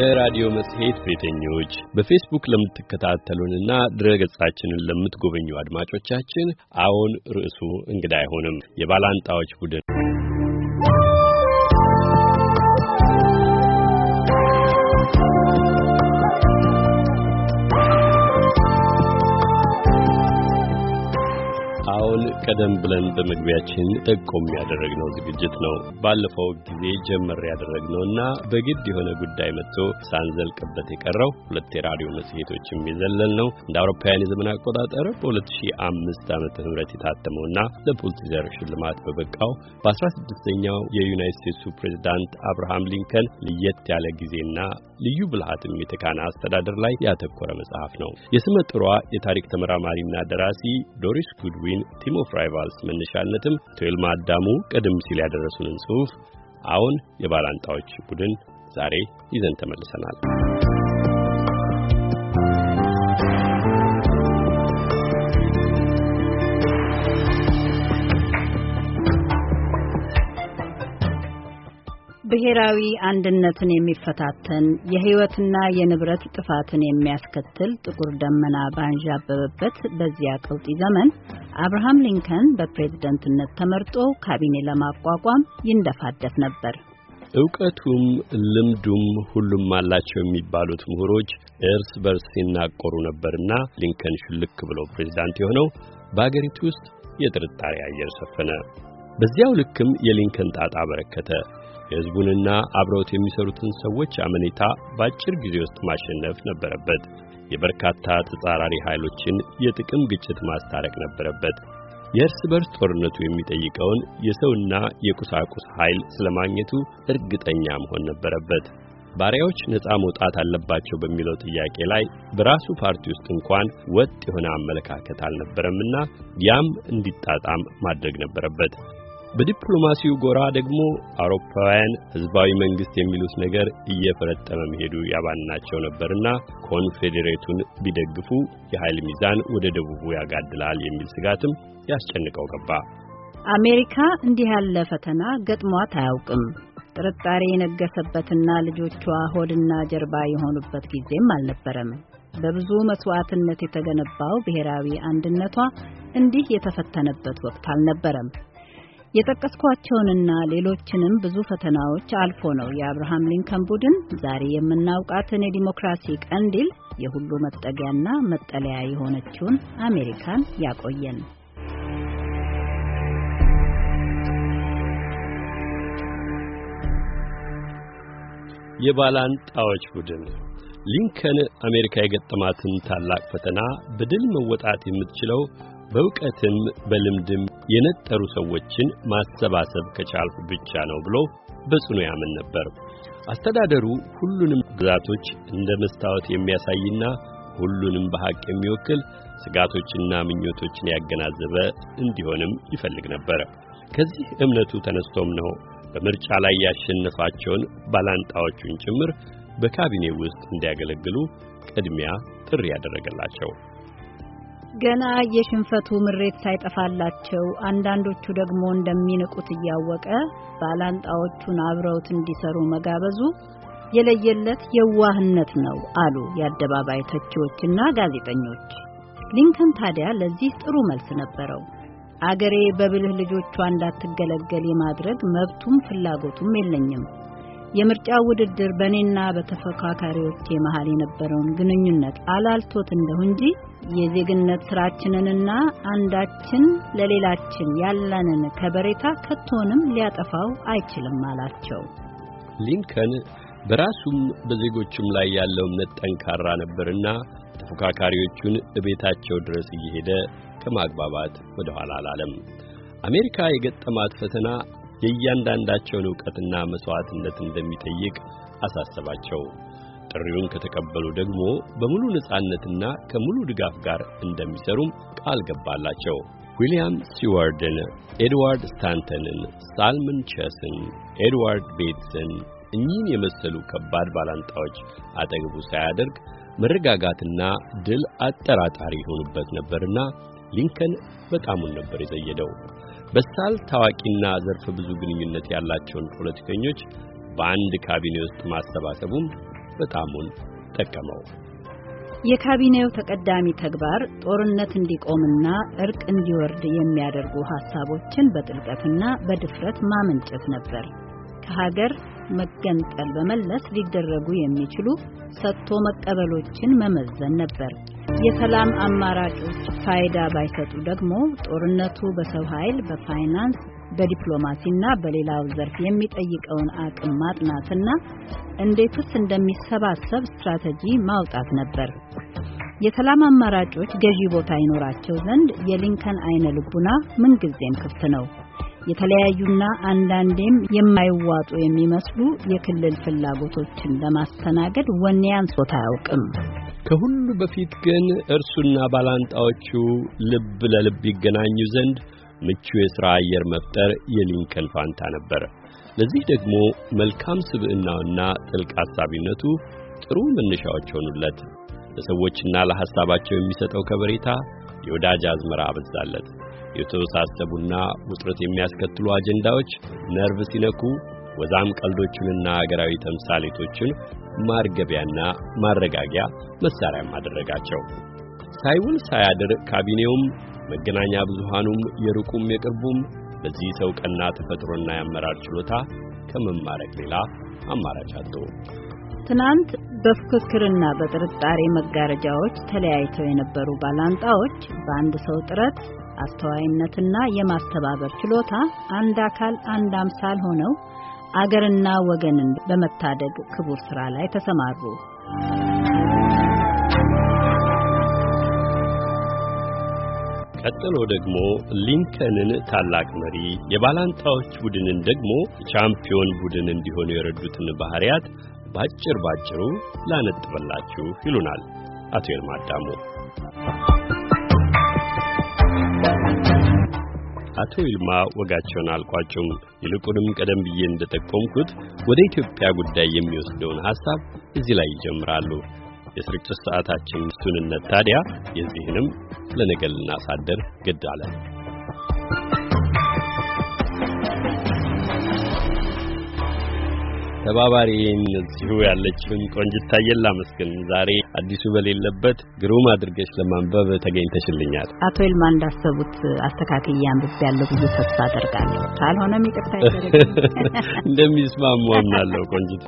ለራዲዮ መጽሔት ቤተኞች በፌስቡክ ለምትከታተሉንና ገጻችንን ለምትጎበኙ አድማጮቻችን አሁን ርዕሱ እንግዳ አይሆንም የባላንጣዎች ቡድን ቀደም ብለን በመግቢያችን ጠቆም ያደረግነው ዝግጅት ነው። ባለፈው ጊዜ ጀመር ያደረግነውና በግድ የሆነ ጉዳይ መጥቶ ሳንዘልቅበት የቀረው ሁለት የራዲዮ መጽሔቶችም የሚዘለል ነው እንደ አውሮፓውያን የዘመን አቆጣጠር በ2005 ዓመተ የታተመው የታተመውና ለፑልቲዘር ሽልማት በበቃው በ16ኛው የዩናይት ስቴትሱ ፕሬዝዳንት አብርሃም ሊንከን ለየት ያለ ጊዜና ልዩ ብልሃትም የተካና አስተዳደር ላይ ያተኮረ መጽሐፍ ነው። የስመ ጥሯ የታሪክ ተመራማሪና ደራሲ ዶሪስ ጉድዊን ቲሞ ራይቫልስ መነሻነትም ቶይልማ አዳሙ ቀደም ሲል ያደረሱንን ጽሑፍ አሁን የባላንጣዎች ቡድን ዛሬ ይዘን ተመልሰናል። ብሔራዊ አንድነትን የሚፈታተን የሕይወትና የንብረት ጥፋትን የሚያስከትል ጥቁር ደመና ባንዣበበበት በዚያ ቀውጢ ዘመን አብርሃም ሊንከን በፕሬዝደንትነት ተመርጦ ካቢኔ ለማቋቋም ይንደፋደፍ ነበር። እውቀቱም ልምዱም ሁሉም አላቸው የሚባሉት ምሁሮች እርስ በርስ ሲናቆሩ ነበርና ሊንከን ሽልክ ብሎ ፕሬዝዳንት የሆነው በአገሪቱ ውስጥ የጥርጣሬ አየር ሰፈነ። በዚያው ልክም የሊንከን ጣጣ በረከተ። የሕዝቡንና አብረውት የሚሰሩትን ሰዎች አመኔታ በአጭር ጊዜ ውስጥ ማሸነፍ ነበረበት። የበርካታ ተጻራሪ ኃይሎችን የጥቅም ግጭት ማስታረቅ ነበረበት። የእርስ በርስ ጦርነቱ የሚጠይቀውን የሰውና የቁሳቁስ ኃይል ስለማግኘቱ እርግጠኛ መሆን ነበረበት። ባሪያዎች ነፃ መውጣት አለባቸው በሚለው ጥያቄ ላይ በራሱ ፓርቲ ውስጥ እንኳን ወጥ የሆነ አመለካከት አልነበረምና ያም እንዲጣጣም ማድረግ ነበረበት። በዲፕሎማሲው ጎራ ደግሞ አውሮፓውያን ህዝባዊ መንግስት የሚሉት ነገር እየፈረጠመ መሄዱ ያባናቸው ነበርና ኮንፌዴሬቱን ቢደግፉ የኃይል ሚዛን ወደ ደቡቡ ያጋድላል የሚል ስጋትም ያስጨንቀው ገባ። አሜሪካ እንዲህ ያለ ፈተና ገጥሟት አያውቅም። ጥርጣሬ የነገሰበትና ልጆቿ ሆድና ጀርባ የሆኑበት ጊዜም አልነበረም። በብዙ መስዋዕትነት የተገነባው ብሔራዊ አንድነቷ እንዲህ የተፈተነበት ወቅት አልነበረም። የጠቀስኳቸውንና ሌሎችንም ብዙ ፈተናዎች አልፎ ነው የአብርሃም ሊንከን ቡድን ዛሬ የምናውቃትን የዲሞክራሲ ቀንዲል የሁሉ መጠጊያና መጠለያ የሆነችውን አሜሪካን ያቆየን። የባላንጣዎች ቡድን ሊንከን አሜሪካ የገጠማትን ታላቅ ፈተና በድል መወጣት የምትችለው በእውቀትም በልምድም የነጠሩ ሰዎችን ማሰባሰብ ከቻልኩ ብቻ ነው ብሎ በጽኑ ያምን ነበር። አስተዳደሩ ሁሉንም ግዛቶች እንደ መስታወት የሚያሳይና ሁሉንም በሐቅ የሚወክል ስጋቶችና ምኞቶችን ያገናዘበ እንዲሆንም ይፈልግ ነበር። ከዚህ እምነቱ ተነስቶም ነው በምርጫ ላይ ያሸነፋቸውን ባላንጣዎቹን ጭምር በካቢኔ ውስጥ እንዲያገለግሉ ቅድሚያ ጥሪ ያደረገላቸው። ገና የሽንፈቱ ምሬት ሳይጠፋላቸው አንዳንዶቹ ደግሞ እንደሚንቁት እያወቀ ባላንጣዎቹን አብረውት እንዲሰሩ መጋበዙ የለየለት የዋህነት ነው አሉ የአደባባይ ተቺዎችና ጋዜጠኞች። ሊንከን ታዲያ ለዚህ ጥሩ መልስ ነበረው። አገሬ በብልህ ልጆቿ እንዳትገለገል የማድረግ መብቱም ፍላጎቱም የለኝም። የምርጫ ውድድር በእኔና በተፎካካሪዎቼ መሃል የነበረውን ግንኙነት አላልቶት እንደሁ እንጂ የዜግነት ስራችንንና አንዳችን ለሌላችን ያለንን ከበሬታ ከቶንም ሊያጠፋው አይችልም አላቸው። ሊንከን በራሱም በዜጎቹም ላይ ያለው እምነት ጠንካራ ነበርና ተፎካካሪዎቹን እቤታቸው ድረስ እየሄደ ከማግባባት ወደ ኋላ አላለም። አሜሪካ የገጠማት ፈተና የእያንዳንዳቸውን ዕውቀትና መስዋዕትነት እንደሚጠይቅ አሳሰባቸው። ጥሪውን ከተቀበሉ ደግሞ በሙሉ ነጻነትና ከሙሉ ድጋፍ ጋር እንደሚሰሩም ቃል ገባላቸው። ዊልያም ሲዋርድን፣ ኤድዋርድ ስታንተንን፣ ሳልመን ቸስን፣ ኤድዋርድ ቤትስን እኚህን የመሰሉ ከባድ ባላንጣዎች አጠገቡ ሳያደርግ መረጋጋትና ድል አጠራጣሪ ይሆኑበት ነበርና ሊንከን በጣሙን ነበር የዘየደው። በሳል ታዋቂና ዘርፈ ብዙ ግንኙነት ያላቸውን ፖለቲከኞች በአንድ ካቢኔ ውስጥ ማሰባሰቡም በጣሙን ጠቀመው። የካቢኔው ተቀዳሚ ተግባር ጦርነት እንዲቆምና እርቅ እንዲወርድ የሚያደርጉ ሐሳቦችን በጥልቀትና በድፍረት ማመንጨት ነበር። ከሀገር መገንጠል በመለስ ሊደረጉ የሚችሉ ሰጥቶ መቀበሎችን መመዘን ነበር። የሰላም አማራጮች ፋይዳ ባይሰጡ ደግሞ ጦርነቱ በሰው ኃይል፣ በፋይናንስ፣ በዲፕሎማሲና በሌላው ዘርፍ የሚጠይቀውን አቅም ማጥናትና እንዴትስ እንደሚሰባሰብ ስትራቴጂ ማውጣት ነበር። የሰላም አማራጮች ገዢ ቦታ ይኖራቸው ዘንድ የሊንከን አይነ ልቡና ምንጊዜም ክፍት ነው። የተለያዩና አንዳንዴም የማይዋጡ የሚመስሉ የክልል ፍላጎቶችን ለማስተናገድ ወኔ አንሶት አያውቅም። ከሁሉ በፊት ግን እርሱና ባላንጣዎቹ ልብ ለልብ ይገናኙ ዘንድ ምቹ የሥራ አየር መፍጠር የሊንከን ፋንታ ነበር። ለዚህ ደግሞ መልካም ስብዕናውና ጥልቅ አሳቢነቱ ጥሩ መነሻዎች ሆኑለት። ለሰዎችና ለሐሳባቸው የሚሰጠው ከበሬታ የወዳጅ አዝመራ አበዛለት። የተወሳሰቡና ውጥረት የሚያስከትሉ አጀንዳዎች ነርቭ ሲነኩ ወዛም ቀልዶቹንና አገራዊ ተምሳሌቶቹን ማርገቢያና ማረጋጊያ መሳሪያም አደረጋቸው። ሳይውል ሳያድር ካቢኔውም መገናኛ ብዙሃኑም የሩቁም የቅርቡም በዚህ ሰው ቀና ተፈጥሮና የአመራር ችሎታ ከመማረክ ሌላ አማራጭ አጡ። ትናንት በፉክክርና በጥርጣሬ መጋረጃዎች ተለያይተው የነበሩ ባላንጣዎች በአንድ ሰው ጥረት አስተዋይነትና የማስተባበር ችሎታ አንድ አካል አንድ አምሳል ሆነው አገርና ወገንን በመታደግ ክቡር ሥራ ላይ ተሰማሩ። ቀጥሎ ደግሞ ሊንከንን ታላቅ መሪ የባላንጣዎች ቡድንን ደግሞ ቻምፒዮን ቡድን እንዲሆኑ የረዱትን ባህሪያት ባጭር ባጭሩ ላነጥበላችሁ ይሉናል አቶ ይልማ አዳሙ። አቶ ይልማ ወጋቸውን አልቋጩም። ይልቁንም ቀደም ብዬ እንደጠቆምኩት ወደ ኢትዮጵያ ጉዳይ የሚወስደውን ሐሳብ እዚህ ላይ ይጀምራሉ። የስርጭት ሰዓታችን ሱንነት ታዲያ የዚህንም ለነገ ልናሳደር ግድ አለን። ተባባሪ እዚሁ ያለችውን ቆንጅት ታየን ላመስግን። ዛሬ አዲሱ በሌለበት ግሩም አድርገሽ ለማንበብ ተገኝተሽልኛል። አቶ ይልማ እንዳሰቡት አስተካክዬ አንብቤ ያለው ብዙ ተስፋ አደርጋለሁ። ካልሆነም ይቅርታ ይደረግ። እንደሚስማሙ አምናለሁ ቆንጅት